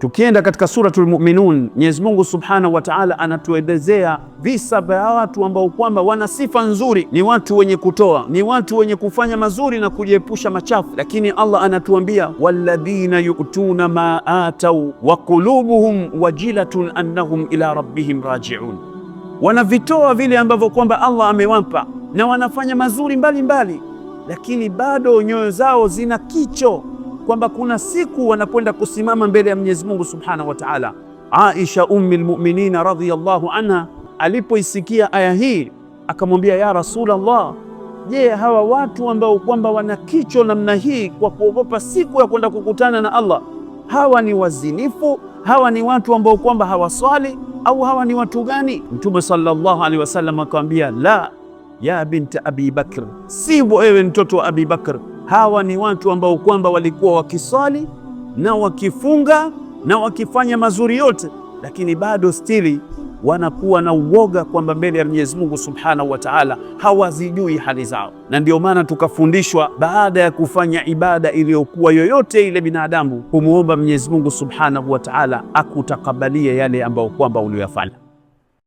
Tukienda katika Suratul Muminun, Mwenyezi Mungu Subhanahu wa Ta'ala anatuelezea visa vya watu ambao kwamba wana sifa nzuri, ni watu wenye kutoa, ni watu wenye kufanya mazuri na kujiepusha machafu, lakini Allah anatuambia walladhina yu'tuna ma atau wa qulubuhum wajilatun annahum ila rabbihim raji'un, wanavitoa vile ambavyo kwamba Allah amewapa na wanafanya mazuri mbalimbali mbali, lakini bado nyoyo zao zina kicho kwamba kuna siku wanakwenda kusimama mbele ya Mwenyezi Mungu Subhanahu wa Ta'ala. Aisha ummi lmuminina radhiyallahu anha alipoisikia aya hii akamwambia, ya Rasulullah, je, hawa watu ambao kwamba wana kicho namna hii kwa kuogopa siku ya kwenda kukutana na Allah, hawa ni wazinifu? Hawa ni watu ambao kwamba hawaswali au hawa ni watu gani? Mtume sallallahu alaihi wasallam akamwambia, la ya binti Abi Bakr, si ewe mtoto wa Abi Bakr Hawa ni watu ambao kwamba walikuwa wakiswali na wakifunga na wakifanya mazuri yote, lakini bado stili wanakuwa na uoga kwamba mbele ya Mwenyezi Mungu Subhanahu wa Ta'ala hawazijui hali zao. Na ndio maana tukafundishwa baada ya kufanya ibada iliyokuwa yoyote ile, binadamu kumwomba Mwenyezi Mungu Subhanahu wa Ta'ala akutakabalie yale ambayo kwamba uliyofanya.